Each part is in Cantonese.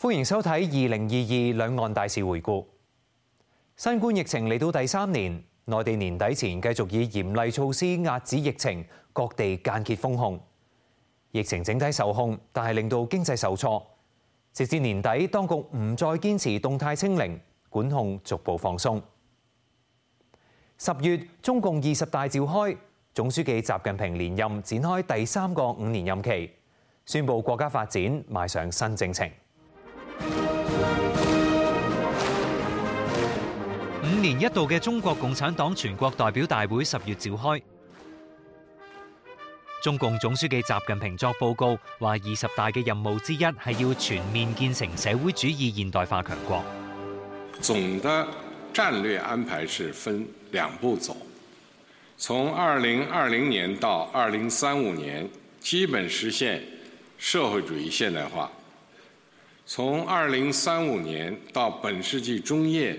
歡迎收睇《二零二二兩岸大事回顧》。新冠疫情嚟到第三年，內地年底前繼續以嚴厲措施壓止疫情，各地間歇封控，疫情整體受控，但係令到經濟受挫。直至年底，當局唔再堅持動態清零，管控逐步放鬆。十月中共二十大召開，總書記習近平連任展開第三個五年任期，宣布國家發展邁上新征程。五年一度嘅中國共產黨全國代表大會十月召開，中共總書記習近平作報告話，二十大嘅任務之一係要全面建成社會主義現代化強國。總的戰略安排是分兩步走，從二零二零年到二零三五年，基本實現社會主義現代化；從二零三五年到本世紀中葉。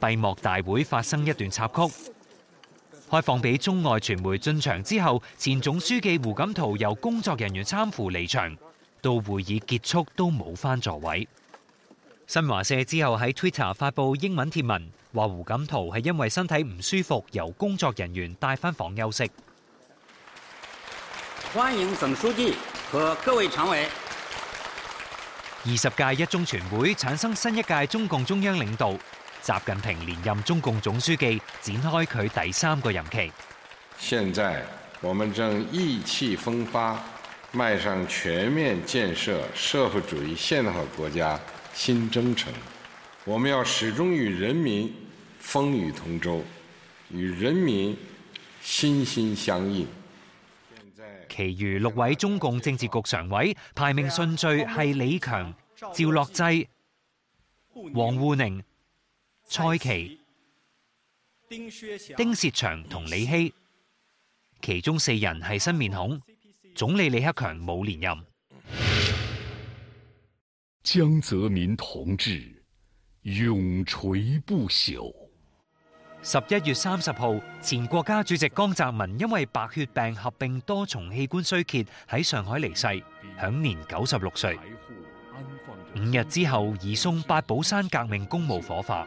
閉幕大會發生一段插曲，開放俾中外傳媒進場之後，前總書記胡錦濤由工作人員攙扶離場，到會議結束都冇翻座位。新華社之後喺 Twitter 發布英文貼文，話胡錦濤係因為身體唔舒服，由工作人員帶翻房休息。歡迎總書記和各位常委。二十屆一中全會產生新一屆中共中央領導。習近平連任中共總書記，展開佢第三個任期。現在我們正意氣風發，邁上全面建設社會主義現代化國家新征程。我們要始終與人民風雨同舟，與人民心心相印。在，其餘六位中共政治局常委排名順序係李強、趙樂際、王滬寧。蔡奇、丁薛祥、同李希，其中四人係新面孔，總理李克強冇連任。江澤民同志永垂不朽。十一月三十號，前國家主席江澤民因為白血病合併多重器官衰竭喺上海離世，享年九十六歲。五日之後，移送八寶山革命公墓火化。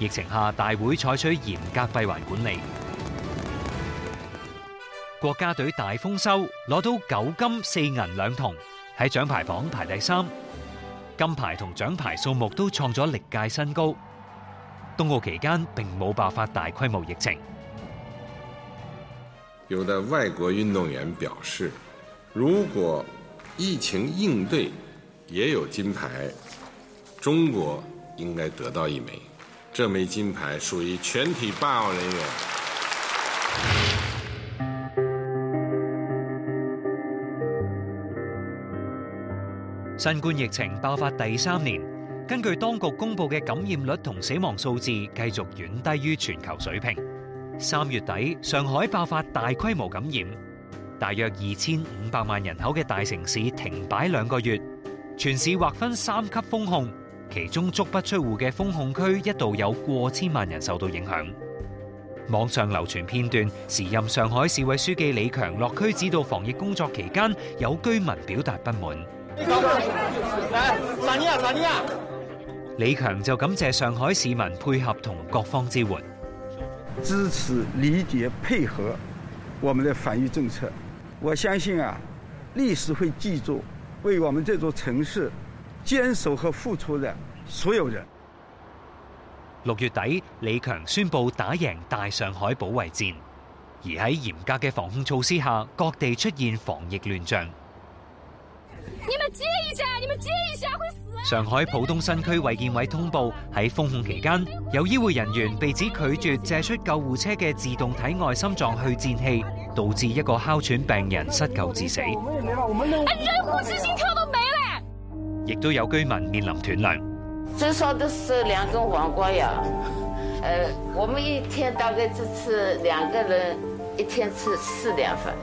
疫情下，大會採取嚴格閉環管理。國家隊大豐收，攞到九金四銀兩銅，喺獎牌榜排第三，金牌同獎牌數目都創咗歷屆新高。冬奧期間並冇爆發大規模疫情。有的外國運動員表示，如果疫情應對也有金牌，中國應該得到一枚。這枚金牌屬於全體辦案人員。新冠疫情爆發第三年，根據當局公布嘅感染率同死亡數字，繼續遠低於全球水平。三月底，上海爆發大規模感染，大約二千五百萬人口嘅大城市停擺兩個月，全市劃分三級封控。其中足不出戶嘅封控區一度有過千萬人受到影響。網上流傳片段，時任上海市委書記李強落區指導防疫工作期間，有居民表達不滿。李強就感謝上海市民配合同各方支援，支持、理解、配合我們的防疫政策。我相信啊，歷史會記住，為我們這座城市。堅守和付出的所有人。六月底，李強宣布打贏大上海保衛戰，而喺嚴格嘅防控措施下，各地出現防疫亂象。你們接一下，你們接一下，會死。上海浦東新區衛健委通報喺封控期間，有醫護人員被指拒絕借出救護車嘅自動體外心臟去顫器，導致一個哮喘病人失救致死。亦都有居民面臨斷糧，最少都是兩根黃瓜呀。誒，我們一天大概只吃兩個人，一天吃四兩飯。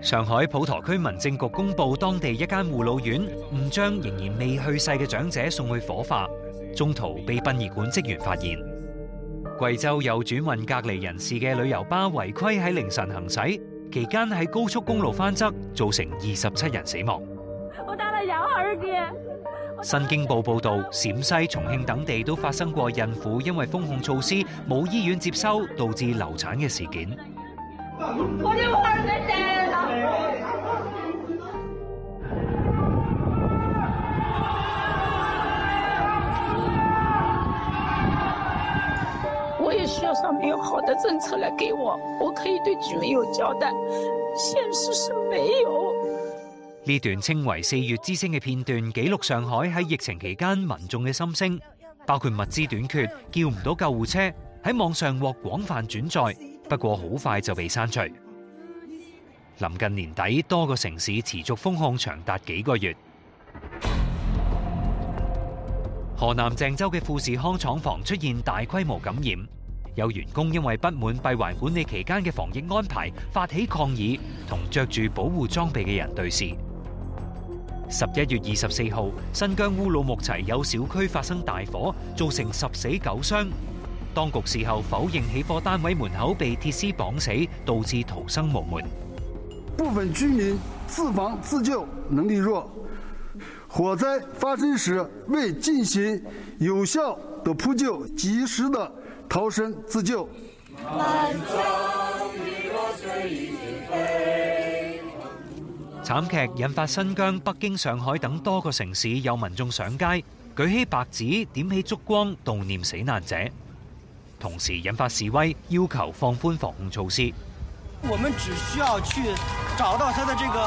上海普陀區民政局公布，當地一間護老院誤將仍然未去世嘅長者送去火化，中途被殯儀館職員發現。貴州有轉運隔離人士嘅旅遊巴違規喺凌晨行駛。期間喺高速公路翻側，造成二十七人死亡。我戴咗有耳嘅。新京報報道，陝西、重慶等地都發生過孕婦因為封控措施冇醫院接收，導致流產嘅事件。我要恨你哋！沒有好的政策來給我，我可以對居民有交代。現實是沒有呢段稱為《四月之聲》嘅片段，記錄上海喺疫情期間民眾嘅心聲，包括物資短缺、叫唔到救護車，喺網上獲廣泛轉載。不過好快就被刪除。臨近年底，多個城市持續封控長達幾個月。河南鄭州嘅富士康廠房出現大規模感染。有員工因為不滿閉環管理期間嘅防疫安排，發起抗議，同着住保護裝備嘅人對峙。十一月二十四號，新疆烏魯木齊有小區發生大火，造成十死九傷。當局事後否認起火單位門口被鐵絲綁死，導致逃生無門。部分居民自防自救能力弱，火災發生時未進行有效的撲救，及時的。逃生自救。慘劇引發新疆、北京、上海等多個城市有民眾上街，舉起白紙、點起燭光，悼念死難者，同時引發示威，要求放寬防控措施。我們只需要去找到他的這個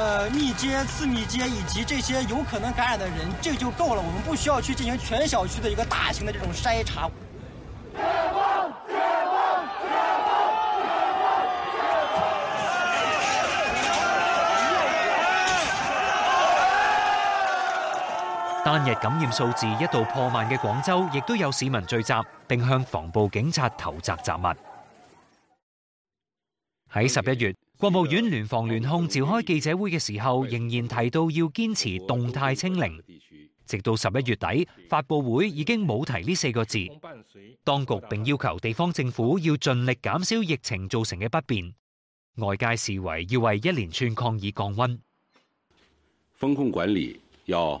呃，密接、次密接以及這些有可能感染的人，這就夠了。我們不需要去進行全小區的一個大型的這種篩查。單日感染數字一度破萬嘅廣州，亦都有市民聚集，並向防暴警察投擲雜物。喺十一月，國務院聯防聯控召開記者會嘅時候，仍然提到要堅持動態清零，直到十一月底，發布會已經冇提呢四個字。當局並要求地方政府要盡力減少疫情造成嘅不便，外界視為要為一連串抗議降温。風控管理要。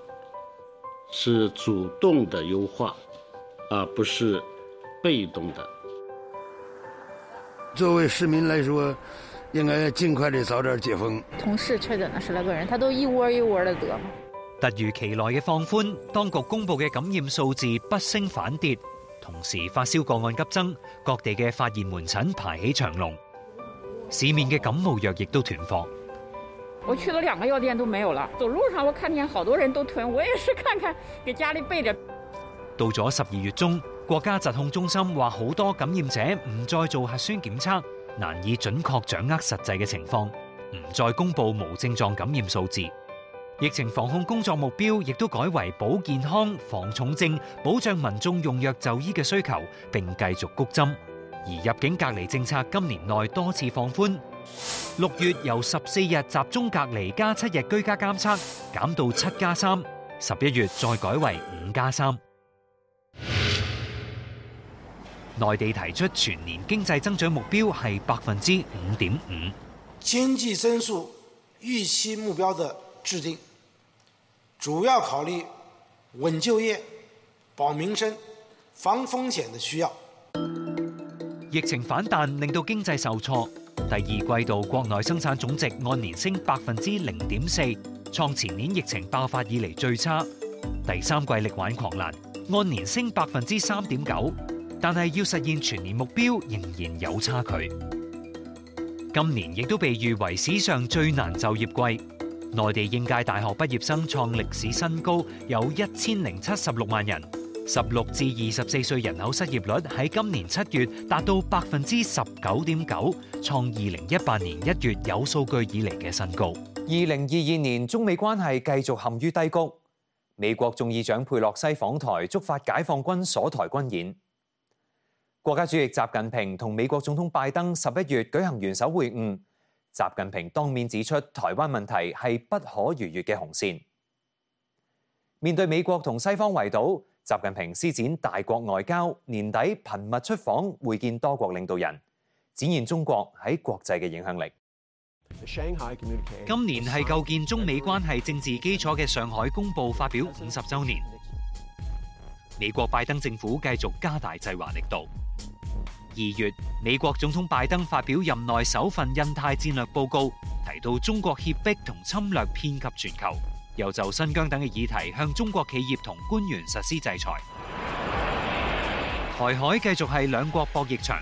是主動的優化，而不是被動的。作為市民來說，應該要盡快的早點解封。同事確診了十來個人，他都一窩一窩的得。突如其來嘅放寬，當局公布嘅感染數字不升反跌，同時發燒個案急增，各地嘅發熱門診排起長龍，市面嘅感冒藥亦都斷貨。我去了兩個藥店都沒有了。走路上我看見好多人都囤，我也是看看，給家裏備着。到咗十二月中，國家疾控中心話好多感染者唔再做核酸檢測，難以準確掌握實際嘅情況，唔再公布無症狀感染數字。疫情防控工作目標亦都改為保健康、防重症，保障民眾用藥就醫嘅需求，並繼續谷針。而入境隔離政策今年內多次放寬。六月由十四日集中隔離加七日居家監測減到七加三，十一月再改為五加三。內地提出全年經濟增長目標係百分之五點五。經濟增速預期目標的制定，主要考慮穩就業、保民生、防風險的需要。疫情反彈令到經濟受挫。第二季度國內生產總值按年升百分之零點四，創前年疫情爆發以嚟最差。第三季力挽狂瀾，按年升百分之三點九，但係要實現全年目標仍然有差距。今年亦都被譽為史上最難就業季，內地應屆大學畢業生創歷史新高，有一千零七十六萬人。十六至二十四歲人口失業率喺今年七月達到百分之十九點九，創二零一八年一月有數據以嚟嘅新高。二零二二年中美關係繼續陷於低谷。美國眾議長佩洛西訪台，觸發解放軍鎖台軍演。國家主席習近平同美國總統拜登十一月舉行元首會晤，習近平當面指出台灣問題係不可逾越嘅紅線。面對美國同西方圍堵。習近平施展大國外交，年底頻密出訪會見多國領導人，展現中國喺國際嘅影響力。今年係構建中美關係政治基礎嘅上海公報發表五十周年。美國拜登政府繼續加大制華力度。二月，美國總統拜登發表任內首份印太戰略報告，提到中國脅迫同侵略遍及全球。又就新疆等嘅議題向中國企業同官員實施制裁。台海繼續係兩國博弈場。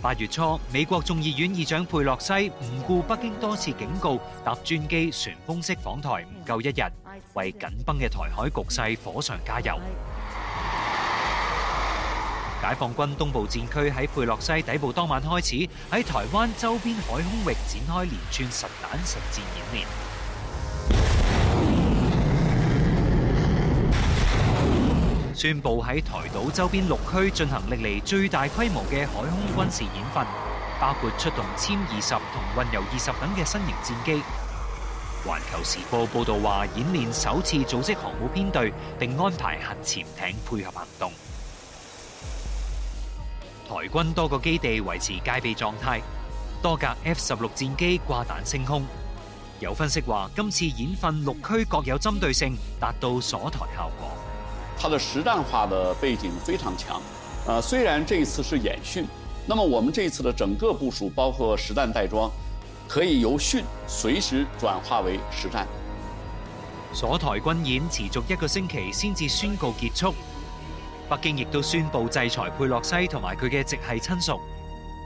八月初，美國眾議院議長佩洛西唔顧北京多次警告，搭專機旋風式訪台，唔夠一日，為緊繃嘅台海局勢火上加油。解放軍東部戰區喺佩洛西抵埗當晚開始，喺台灣周邊海空域展開連串實彈實戰演練。宣布喺台島周邊六區進行歷嚟最大規模嘅海空軍事演訓，包括出動殲二十同運油二十等嘅新型戰機。環球時報報道話，演練首次組織航母編隊，並安排核潛艇配合行動。台軍多個基地維持戒備狀態，多架 F 十六戰機掛彈升空。有分析話，今次演訓六區各有針對性，達到鎖台效果。它的實戰化的背景非常強，呃，雖然這一次是演訓，那麼我們這次的整個部署包括實彈帶裝，可以由訓隨時轉化為實戰。鎖台軍演持續一個星期，先至宣告結束。北京亦都宣布制裁佩洛西同埋佢嘅直系親屬，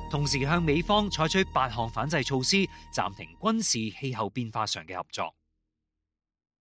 同時向美方採取八項反制措施，暫停軍事氣候變化上嘅合作。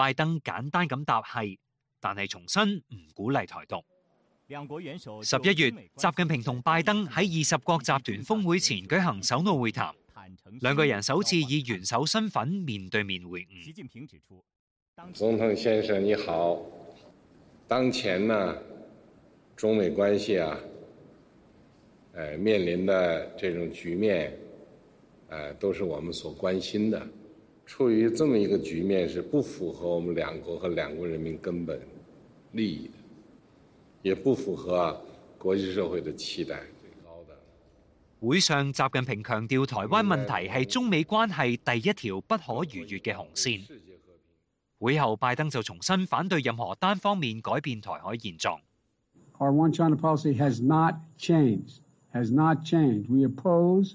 拜登簡單咁答係，但係重申唔鼓勵台獨。十一月，習近平同拜登喺二十國集團峰會前舉行首腦會談，兩個人首次以元首身份面對面會晤。習近平指出，總統先生，你好，當前呢中美關係啊，誒面臨的這種局面，都是我們所關心的。處於這麼一個局面是不符合我們兩國和兩國人民根本利益，也不符合國際社會的期待。會上習近平強調，台灣問題係中美關係第一條不可逾越嘅紅線。會後拜登就重新反對任何單方面改變台海現狀。Our one-China policy has not changed. Has not changed. We oppose.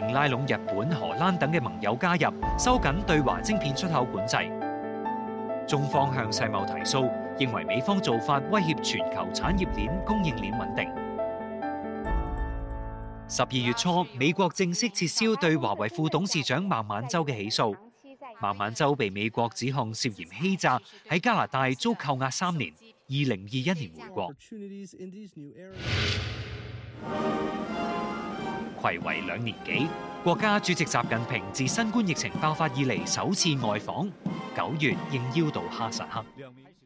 並拉攏日本、荷蘭等嘅盟友加入，收緊對華晶片出口管制。中方向世貿提訴，認為美方做法威脅全球產業鏈供應鏈穩定。十二月初，美國正式撤銷對華為副董事長孟晚舟嘅起訴。孟晚舟被美國指控涉嫌欺詐，喺加拿大遭扣押三年。二零二一年回國。為兩年幾，國家主席習近平自新冠疫情爆發以嚟首次外訪，九月應邀到哈薩克，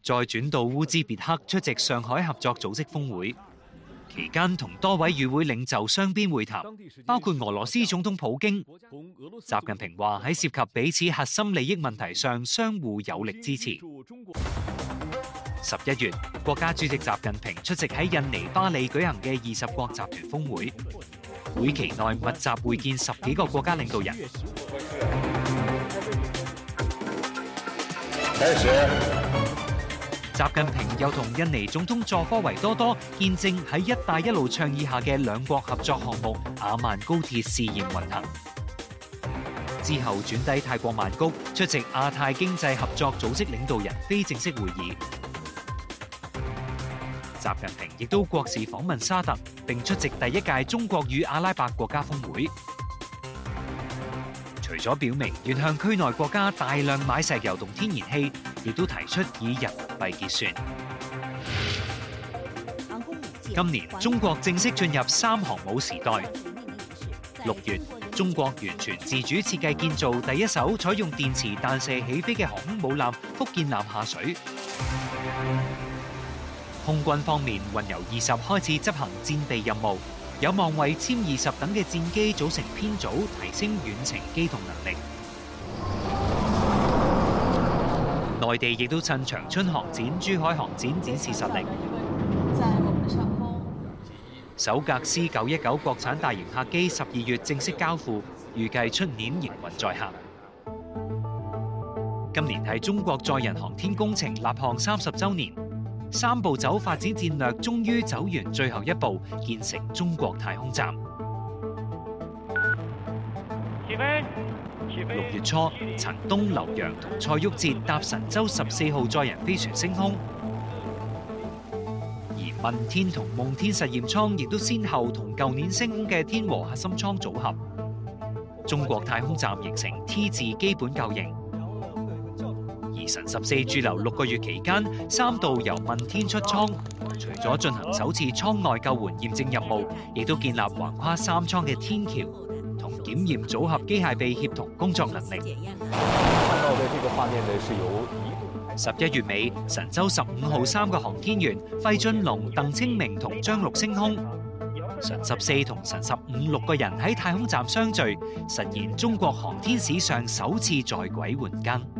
再轉到烏茲別克出席上海合作組織峰會，期間同多位與會領袖雙邊會談，包括俄羅斯總統普京。習近平話喺涉及彼此核心利益問題上相互有力支持。十一月，國家主席習近平出席喺印尼巴厘舉行嘅二十國集團峰會。會期內密集會見十幾個國家領導人。習近平又同印尼總統佐科維多多見證喺“一帶一路”倡議下嘅兩國合作項目——雅萬高鐵試驗運行。之後轉抵泰國曼谷，出席亞太經濟合作組織領導人非正式會議。習近平亦都國事訪問沙特，並出席第一屆中國與阿拉伯國家峰會。除咗表明願向區內國家大量買石油同天然氣，亦都提出以人民幣結算。今年中國正式進入三航母時代。六月，中國完全自主設計建造第一艘採用電磁彈射起飛嘅航空母艦福建艦下水。空軍方面，運油二十開始執行戰備任務，有望為殲二十等嘅戰機組成編組，提升遠程機動能力。內 地亦都趁長春航展、珠海航展展示實力。 首架 C 九一九國產大型客機十二月正式交付，預計出年營運在行。今年係中國載人航天工程立項三十周年。三步走發展戰略終於走完最後一步，建成中國太空站。六月初，陳冬、劉洋同蔡旭哲搭神舟十四號載人飛船升空，而問天同夢天實驗艙亦都先後同舊年升空嘅天和核心艙組合，中國太空站形成 T 字基本構型。而神十四駐留六個月期間，三度由問天出艙，除咗進行首次艙外救援驗證任務，亦都建立橫跨三艙嘅天橋，同檢驗組合機械臂協同工作能力。十一月尾，神舟十五號三個航天員費俊龍、鄧清明同張陸升空，神十四同神十五六個人喺太空站相聚，實現中國航天史上首次在軌換更。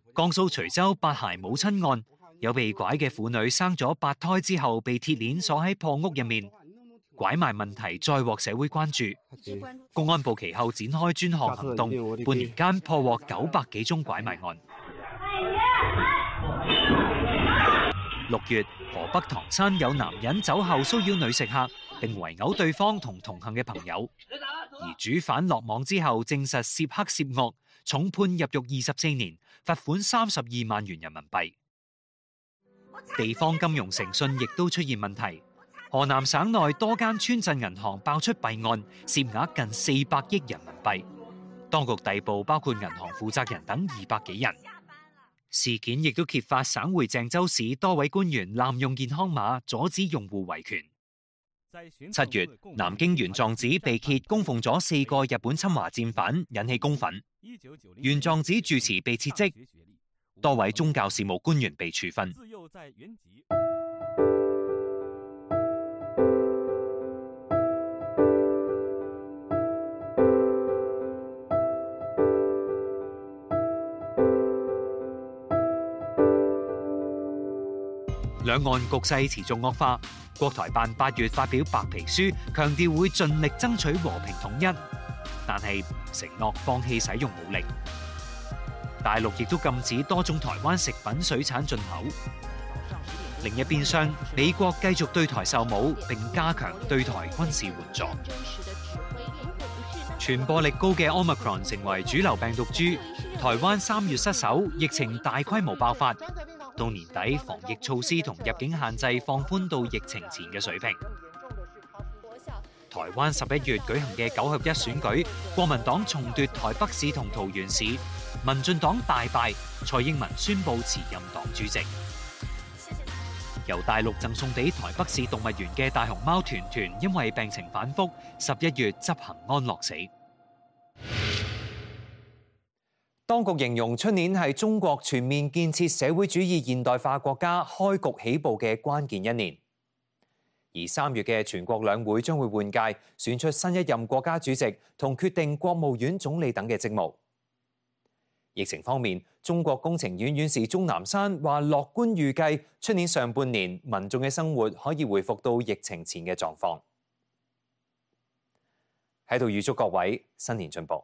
江蘇徐州八孩母親案，有被拐嘅婦女生咗八胎之後，被鐵鏈鎖喺破屋入面，拐賣問題再獲社會關注。公安部其後展開專項行動，半年間破獲九百幾宗拐賣案。六月，河北唐山有男人酒後騷擾女食客，並圍毆對方同同行嘅朋友，而主犯落網之後，證實涉黑涉惡，重判入獄二十四年，罰款三十二萬元人民幣。地方金融誠信亦都出現問題，河南省內多間村鎮銀行爆出弊案，涉額近四百億人民幣。當局逮捕包括銀行負責人等二百幾人。事件亦都揭發省會鄭州市多位官員濫用健康碼，阻止用戶維權。七月，南京玄奘寺被揭供奉咗四個日本侵華戰犯，引起公憤。玄奘寺住持被撤職，多位宗教事務官員被處分。兩岸局勢持續惡化，國台辦八月發表白皮書，強調會盡力爭取和平統一，但係承諾放棄使用武力。大陸亦都禁止多種台灣食品、水產進口。另一邊廂，美國繼續對台售武，並加強對台軍事援助。傳播力高嘅 Omicron 成為主流病毒株，台灣三月失守，疫情大規模爆發。到年底，防疫措施同入境限制放寬到疫情前嘅水平。台灣十一月舉行嘅九合一選舉，國民黨重奪台北市同桃園市，民進黨大敗。蔡英文宣布辭任黨主席。由大陸贈送俾台北市動物園嘅大熊貓團團，因為病情反覆，十一月執行安樂死。當局形容，出年係中國全面建設社會主義現代化國家開局起步嘅關鍵一年。而三月嘅全國兩會將會換屆，選出新一任國家主席同決定國務院總理等嘅職務。疫情方面，中國工程院院院士鐘南山話，樂觀預計出年上半年民眾嘅生活可以恢復到疫情前嘅狀況。喺度預祝各位新年進步。